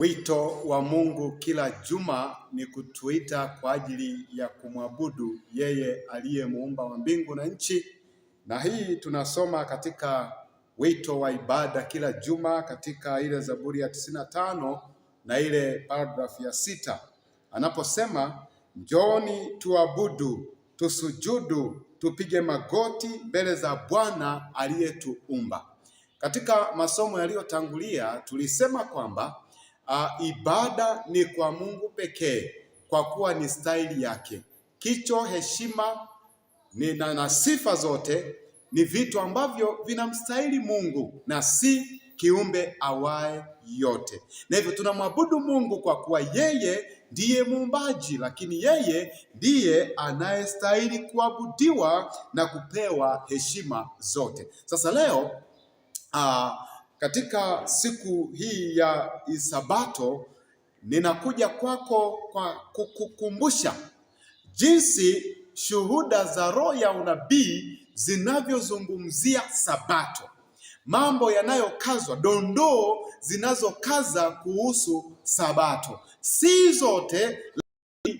Wito wa Mungu kila juma ni kutuita kwa ajili ya kumwabudu yeye aliye muumba wa mbingu na nchi, na hii tunasoma katika wito wa ibada kila juma katika ile Zaburi ya tisini na tano na ile paragraph ya sita anaposema, njooni tuabudu, tusujudu, tupige magoti mbele za Bwana aliyetuumba. Katika masomo yaliyotangulia tulisema kwamba uh, ibada ni kwa Mungu pekee kwa kuwa ni staili yake. Kicho, heshima ni na, na sifa zote ni vitu ambavyo vinamstahili Mungu na si kiumbe awaye yote, na hivyo tunamwabudu Mungu kwa kuwa yeye ndiye muumbaji, lakini yeye ndiye anayestahili kuabudiwa na kupewa heshima zote. Sasa leo uh, katika siku hii ya Isabato ninakuja kwako kwa kukukumbusha jinsi shuhuda za roho ya unabii zinavyozungumzia Sabato, mambo yanayokazwa, dondoo zinazokaza kuhusu Sabato, si zote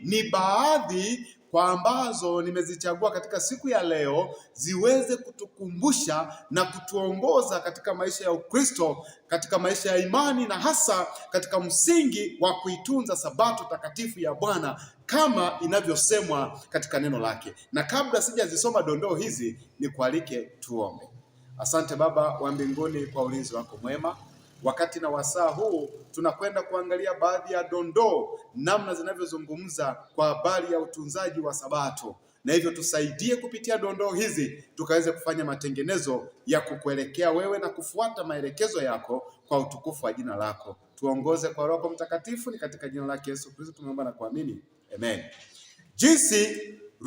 ni baadhi kwa ambazo nimezichagua katika siku ya leo ziweze kutukumbusha na kutuongoza katika maisha ya Ukristo, katika maisha ya imani na hasa katika msingi wa kuitunza Sabato takatifu ya Bwana kama inavyosemwa katika neno lake. Na kabla sijazisoma dondoo hizi, nikualike tuombe. Asante Baba wa mbinguni kwa ulinzi wako mwema Wakati na wasaa huu tunakwenda kuangalia baadhi ya dondoo, namna zinavyozungumza kwa habari ya utunzaji wa Sabato, na hivyo tusaidie kupitia dondoo hizi tukaweze kufanya matengenezo ya kukuelekea wewe na kufuata maelekezo yako kwa utukufu wa jina lako. Tuongoze kwa Roho Mtakatifu, ni katika jina lake Yesu Kristo tunaomba na kuamini amen. Jinsi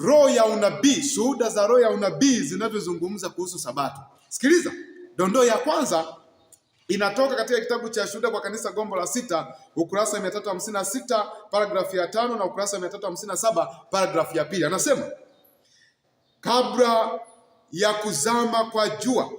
roho ya unabii, shuhuda za roho ya unabii zinavyozungumza kuhusu Sabato. Sikiliza dondoo ya kwanza inatoka katika kitabu cha Shuhuda kwa Kanisa Gombo la Sita, ukurasa sita paragrafu ya tano na ukurasa saba paragrafu ya pili. Anasema kabla ya kuzama kwa jua,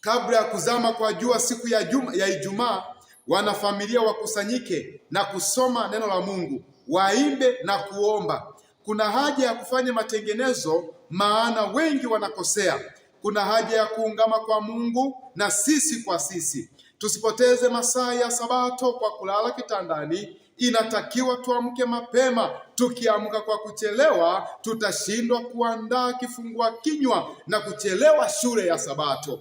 kabla ya kuzama kwa jua siku ya juma, ya Ijumaa, wanafamilia wakusanyike na kusoma neno la Mungu, waimbe na kuomba. Kuna haja ya kufanya matengenezo, maana wengi wanakosea kuna haja ya kuungama kwa Mungu na sisi kwa sisi. Tusipoteze masaa ya Sabato kwa kulala kitandani. Inatakiwa tuamke mapema. Tukiamka kwa kuchelewa, tutashindwa kuandaa kifungua kinywa na kuchelewa shule ya Sabato.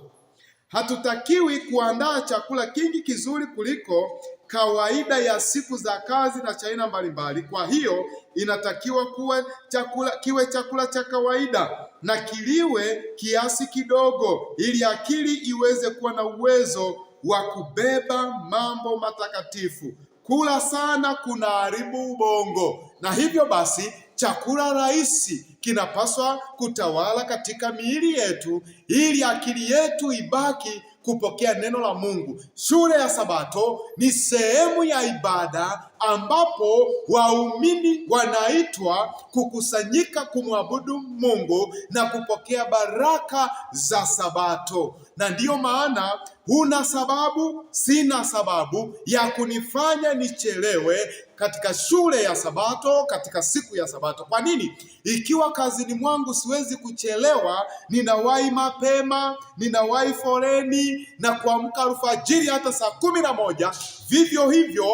Hatutakiwi kuandaa chakula kingi kizuri kuliko kawaida ya siku za kazi na chaina mbalimbali. Kwa hiyo inatakiwa kuwe chakula, kiwe chakula cha kawaida na kiliwe kiasi kidogo, ili akili iweze kuwa na uwezo wa kubeba mambo matakatifu. Kula sana kuna haribu ubongo, na hivyo basi chakula rahisi kinapaswa kutawala katika miili yetu, ili akili yetu ibaki kupokea neno la Mungu. Shule ya Sabato ni sehemu ya ibada ambapo waumini wanaitwa kukusanyika kumwabudu Mungu na kupokea baraka za Sabato, na ndiyo maana Huna sababu, sina sababu ya kunifanya nichelewe katika shule ya Sabato, katika siku ya Sabato. Kwa nini? Ikiwa kazini mwangu siwezi kuchelewa, ninawahi mapema, ninawahi foreni na kuamka alfajiri hata saa kumi na moja. Vivyo hivyo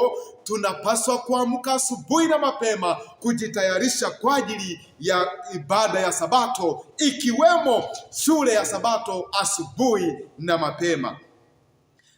tunapaswa kuamka asubuhi na mapema kujitayarisha kwa ajili ya ibada ya Sabato, ikiwemo shule ya Sabato asubuhi na mapema.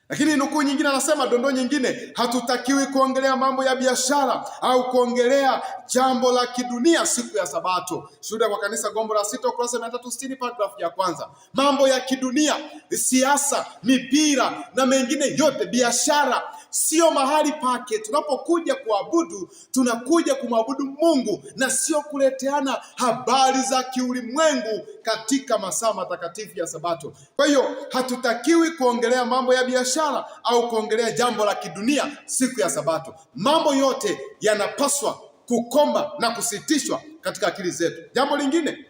Lakini nukuu nyingine anasema, dondoo nyingine, hatutakiwi kuongelea mambo ya biashara au kuongelea jambo la kidunia siku ya Sabato. Shuhuda kwa Kanisa, gombo la sita, ukurasa mia tatu sitini paragrafu ya kwanza. Mambo ya kidunia, siasa, mipira na mengine yote, biashara sio mahali pake. Tunapokuja kuabudu, tunakuja kumwabudu Mungu na sio kuleteana habari za kiulimwengu katika masaa matakatifu ya Sabato. Kwa hiyo hatutakiwi kuongelea mambo ya biashara au kuongelea jambo la kidunia siku ya Sabato. Mambo yote yanapaswa kukoma na kusitishwa katika akili zetu. Jambo lingine,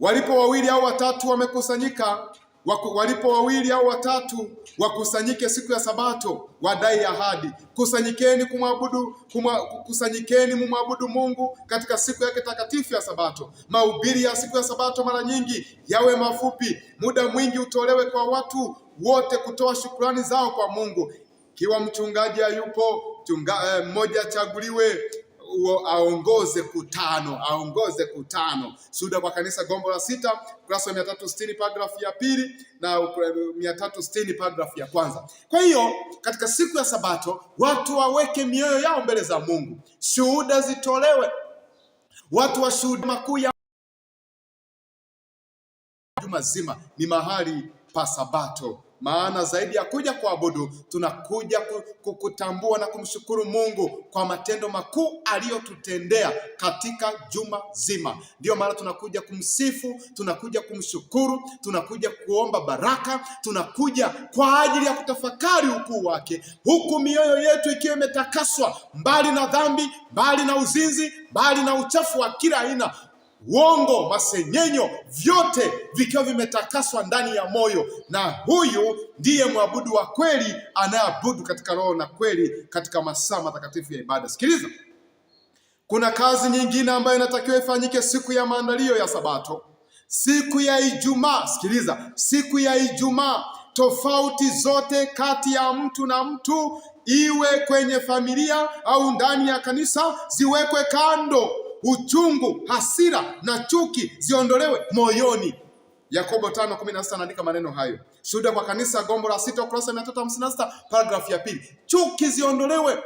walipo wawili au watatu wamekusanyika walipo wawili au watatu wakusanyike siku ya Sabato, wadai ahadi. Kusanyikeni kumwabudu kusanyikeni mumwabudu Mungu katika siku yake takatifu ya Sabato. Mahubiri ya siku ya Sabato mara nyingi yawe mafupi, muda mwingi utolewe kwa watu wote kutoa shukrani zao kwa Mungu. Ikiwa mchungaji hayupo, eh, mmoja eh, achaguliwe aongoze kutano, aongoze kutano. Suda kwa Kanisa, gombo la sita, ukurasa wa mia tatu sitini paragrafu ya pili na mia tatu sitini paragrafu ya kwanza. Kwa hiyo katika siku ya Sabato watu waweke mioyo yao mbele za Mungu, shuhuda zitolewe, watu washuhuda makuu ya juma zima, ni mahali pa Sabato maana zaidi ya kuja kuabudu tunakuja kutambua na kumshukuru Mungu kwa matendo makuu aliyotutendea katika juma zima. Ndiyo maana tunakuja kumsifu, tunakuja kumshukuru, tunakuja kuomba baraka, tunakuja kwa ajili ya kutafakari ukuu wake, huku mioyo yetu ikiwa imetakaswa mbali na dhambi, mbali na uzinzi, mbali na uchafu wa kila aina uongo, masengenyo, vyote vikiwa vimetakaswa ndani ya moyo, na huyu ndiye mwabudu wa kweli anayeabudu katika roho na kweli katika masaa matakatifu ya ibada. Sikiliza, kuna kazi nyingine ambayo inatakiwa ifanyike siku ya maandalio ya Sabato, siku ya Ijumaa. Sikiliza, siku ya Ijumaa, tofauti zote kati ya mtu na mtu, iwe kwenye familia au ndani ya kanisa, ziwekwe kando uchungu, hasira na chuki ziondolewe moyoni. Yakobo 5:16 anaandika maneno hayo. Shuhuda kwa Kanisa, gombo la sita, ukurasa 356, paragrafu ya pili. Chuki ziondolewe,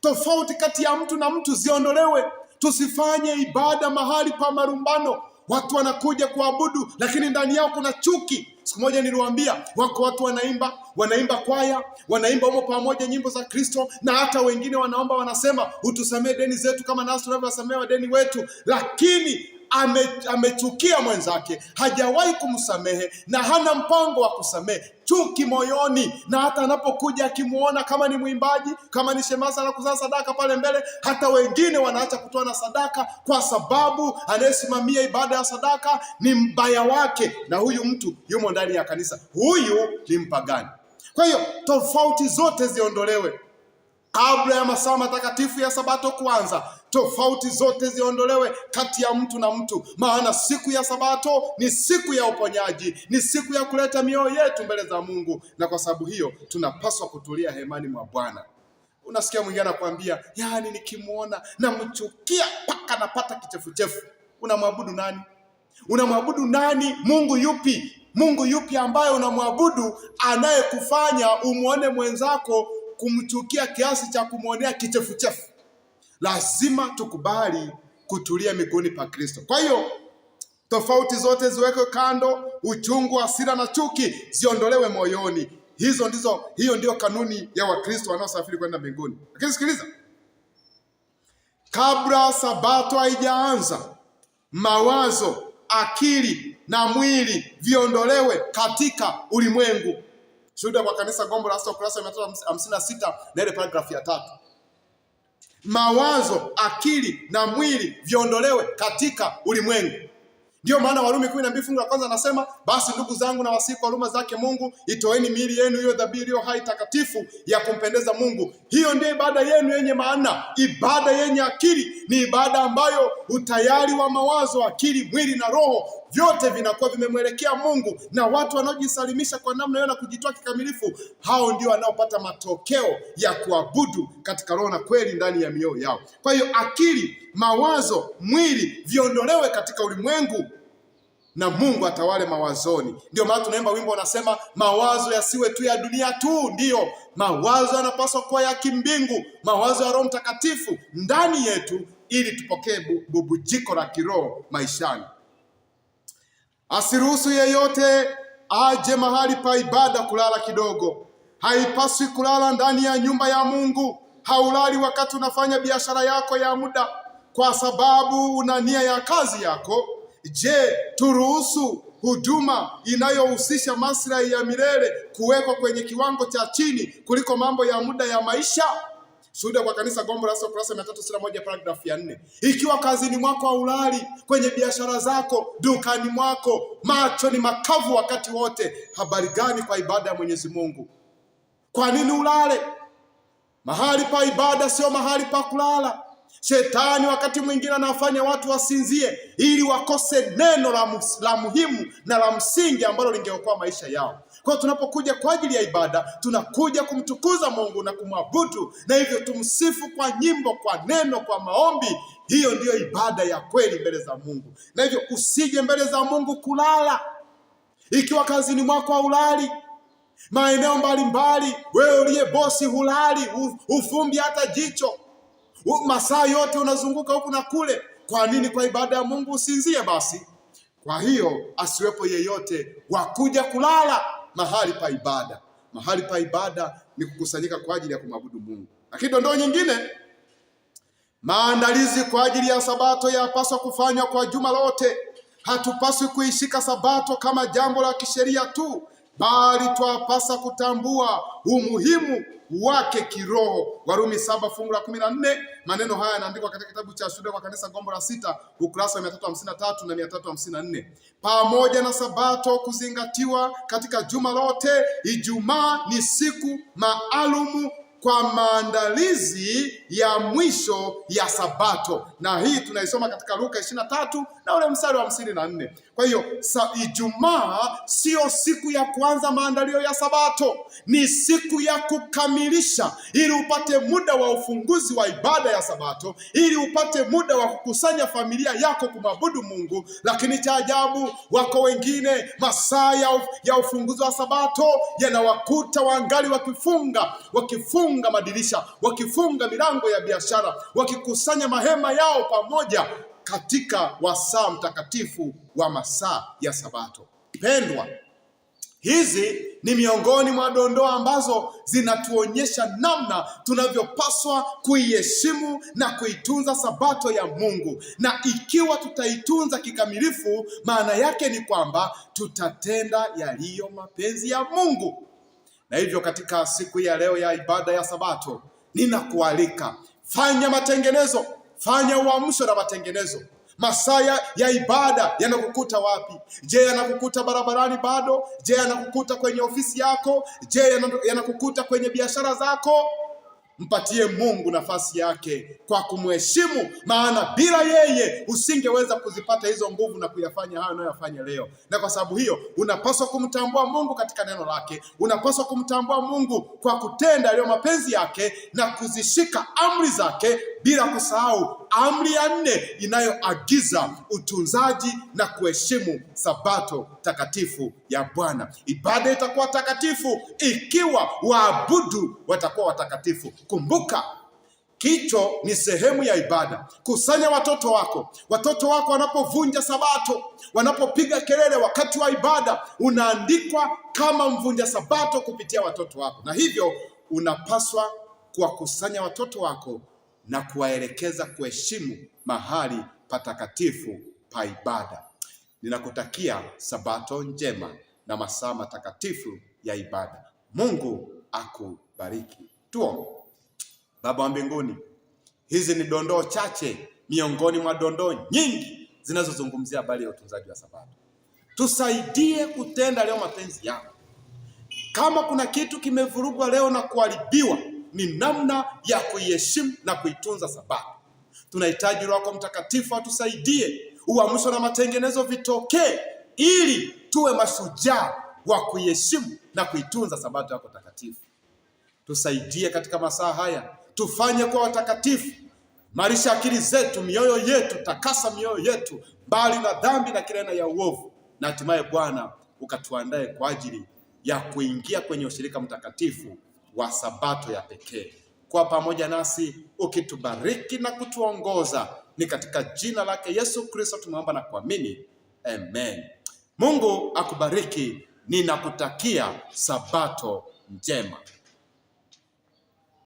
tofauti kati ya mtu na mtu ziondolewe. Tusifanye ibada mahali pa marumbano watu wanakuja kuabudu, lakini ndani yao kuna chuki. Siku moja niliwaambia, wako watu wanaimba, wanaimba kwaya, wanaimba humo pamoja nyimbo za Kristo, na hata wengine wanaomba, wanasema utusamee deni zetu kama nasi tunavyowasamea wadeni wetu, lakini ame, amechukia mwenzake, hajawahi kumsamehe na hana mpango wa kusamehe, chuki moyoni. Na hata anapokuja akimwona kama ni mwimbaji, kama ni shemasa na kuzaa sadaka pale mbele, hata wengine wanaacha kutoa na sadaka kwa sababu anayesimamia ibada ya sadaka ni mbaya wake, na huyu mtu yumo ndani ya kanisa, huyu ni mpagani. Kwa hiyo tofauti zote ziondolewe kabla ya masaa matakatifu ya Sabato kuanza tofauti zote ziondolewe kati ya mtu na mtu, maana siku ya Sabato ni siku ya uponyaji, ni siku ya kuleta mioyo yetu mbele za Mungu, na kwa sababu hiyo tunapaswa kutulia hemani mwa Bwana. Unasikia mwingine anakuambia, yaani nikimwona namchukia mpaka napata kichefuchefu. Unamwabudu nani? Unamwabudu nani? Mungu yupi? Mungu yupi ambaye unamwabudu anayekufanya umwone mwenzako kumchukia kiasi cha kumwonea kichefuchefu? lazima tukubali kutulia miguuni pa Kristo. Kwa hiyo tofauti zote ziwekwe kando, uchungu, hasira na chuki ziondolewe moyoni. Hizo ndizo, hiyo ndiyo kanuni ya Wakristo wanaosafiri kwenda mbinguni. Lakini sikiliza, kabla sabato haijaanza, mawazo, akili na mwili viondolewe katika ulimwengu. Shuhuda kwa Kanisa, gombo la sita, ukurasa mia tatu hamsini na sita na ile paragrafu ya tatu mawazo, akili na mwili viondolewe katika ulimwengu. Ndiyo maana Warumi kumi na mbili fungu la kwanza anasema, basi ndugu zangu, na wasihi kwa huruma zake Mungu itoeni miili yenu hiyo dhabihu iliyo hai takatifu ya kumpendeza Mungu. Hiyo ndiyo ibada yenu yenye maana. Ibada yenye akili ni ibada ambayo utayari wa mawazo, akili, mwili na roho vyote vinakuwa vimemwelekea Mungu, na watu wanaojisalimisha kwa namna hiyo na kujitoa kikamilifu, hao ndio wanaopata matokeo ya kuabudu katika roho na kweli ndani ya mioyo yao. Kwa hiyo akili, mawazo, mwili viondolewe katika ulimwengu na Mungu atawale mawazoni. Ndio maana tunaimba wimbo unasema, mawazo yasiwe tu ya dunia tu. Ndiyo, mawazo yanapaswa kuwa ya kimbingu, mawazo ya Roho Mtakatifu ndani yetu, ili tupokee bubujiko la kiroho maishani. Asiruhusu yeyote aje mahali pa ibada kulala kidogo. Haipaswi kulala ndani ya nyumba ya Mungu. Haulali wakati unafanya biashara yako ya muda, kwa sababu una nia ya kazi yako. Je, turuhusu huduma inayohusisha maslahi ya milele kuwekwa kwenye kiwango cha chini kuliko mambo ya muda ya maisha? Shuhuda kwa Kanisa Gombo la ukurasa mia tatu sitini na moja paragrafu ya nne. Ikiwa kazini mwako haulali, kwenye biashara zako, dukani mwako, macho ni makavu wakati wote, habari gani kwa ibada ya Mwenyezi Mungu? Kwa nini ulale? Mahali pa ibada sio mahali pa kulala. Shetani wakati mwingine anafanya watu wasinzie ili wakose neno la, mus, la muhimu na la msingi ambalo lingeokoa maisha yao. Kwa hiyo tunapokuja kwa ajili ya ibada tunakuja kumtukuza Mungu na kumwabudu, na hivyo tumsifu kwa nyimbo, kwa neno, kwa maombi. Hiyo ndiyo ibada ya kweli mbele za Mungu, na hivyo usije mbele za Mungu kulala. Ikiwa kazini mwako ulali maeneo mbalimbali, wewe uliye bosi hulali, ufumbi hata jicho masaa yote unazunguka huku na kule. Kwa nini kwa ibada ya Mungu usinzie basi? Kwa hiyo asiwepo yeyote wa kuja kulala mahali pa ibada. Mahali pa ibada ni kukusanyika kwa ajili ya kumwabudu Mungu. Lakini dondoo nyingine, maandalizi kwa ajili ya sabato yapaswa kufanywa kwa juma lote. Hatupaswi kuishika sabato kama jambo la kisheria tu, bali twapasa kutambua umuhimu wake kiroho. Warumi saba fungu la kumi na nne. Maneno haya yanaandikwa katika kitabu cha Shuhuda kwa Kanisa, gombo la sita, ukurasa wa mia tatu hamsini na tatu na mia tatu hamsini na nne. Pamoja na sabato kuzingatiwa katika juma lote, Ijumaa ni siku maalumu kwa maandalizi ya mwisho ya Sabato, na hii tunaisoma katika Luka 23 na ule mstari wa hamsini na nne. Kwa hiyo Ijumaa siyo siku ya kuanza maandalio ya Sabato, ni siku ya kukamilisha, ili upate muda wa ufunguzi wa ibada ya Sabato, ili upate muda wa kukusanya familia yako kumwabudu Mungu. Lakini cha ajabu, wako wengine masaa ya ufunguzi wa Sabato yanawakuta wangali wakifunga wakifunga wakifunga madirisha, wakifunga milango ya biashara, wakikusanya mahema yao pamoja katika wasaa mtakatifu wa masaa ya Sabato. Pendwa, hizi ni miongoni mwa dondoa ambazo zinatuonyesha namna tunavyopaswa kuiheshimu na kuitunza Sabato ya Mungu, na ikiwa tutaitunza kikamilifu, maana yake ni kwamba tutatenda yaliyo mapenzi ya Mungu. Na hivyo katika siku ya leo ya ibada ya Sabato, ninakualika fanya matengenezo, fanya uamsho na matengenezo. masaya ya ibada yanakukuta wapi? Je, yanakukuta barabarani bado? Je, yanakukuta kwenye ofisi yako? Je, yanakukuta kwenye biashara zako? Mpatie Mungu nafasi yake kwa kumheshimu, maana bila yeye usingeweza kuzipata hizo nguvu na kuyafanya hayo unayoyafanya leo. Na kwa sababu hiyo unapaswa kumtambua Mungu katika neno lake, unapaswa kumtambua Mungu kwa kutenda yaliyo mapenzi yake na kuzishika amri zake bila kusahau amri ya nne inayoagiza utunzaji na kuheshimu sabato takatifu ya Bwana. Ibada itakuwa takatifu ikiwa waabudu watakuwa watakatifu. Kumbuka, kicho ni sehemu ya ibada. Kusanya watoto wako. Watoto wako wanapovunja sabato, wanapopiga kelele wakati wa ibada, unaandikwa kama mvunja sabato kupitia watoto wako, na hivyo unapaswa kuwakusanya watoto wako na kuwaelekeza kuheshimu mahali patakatifu pa ibada. Ninakutakia sabato njema na masaa matakatifu ya ibada. Mungu akubariki. Tuombe. Baba wa mbinguni, hizi ni dondoo chache miongoni mwa dondoo nyingi zinazozungumzia habari ya utunzaji wa sabato. Tusaidie kutenda leo mapenzi yako. Kama kuna kitu kimevurugwa leo na kuharibiwa ni namna ya kuiheshimu na kuitunza Sabato. Tunahitaji Roho wako Mtakatifu atusaidie uamsho na matengenezo vitokee, ili tuwe mashujaa wa kuiheshimu na kuitunza Sabato yako takatifu. Tusaidie katika masaa haya, tufanye kwa watakatifu. Marisha akili zetu, mioyo yetu, takasa mioyo yetu mbali na dhambi na kila aina ya uovu, na hatimaye Bwana ukatuandae kwa ajili ya kuingia kwenye ushirika mtakatifu wa Sabato ya pekee. Kwa pamoja nasi ukitubariki na kutuongoza, ni katika jina lake Yesu Kristo tumeomba na kuamini, amen. Mungu akubariki, ninakutakia Sabato njema.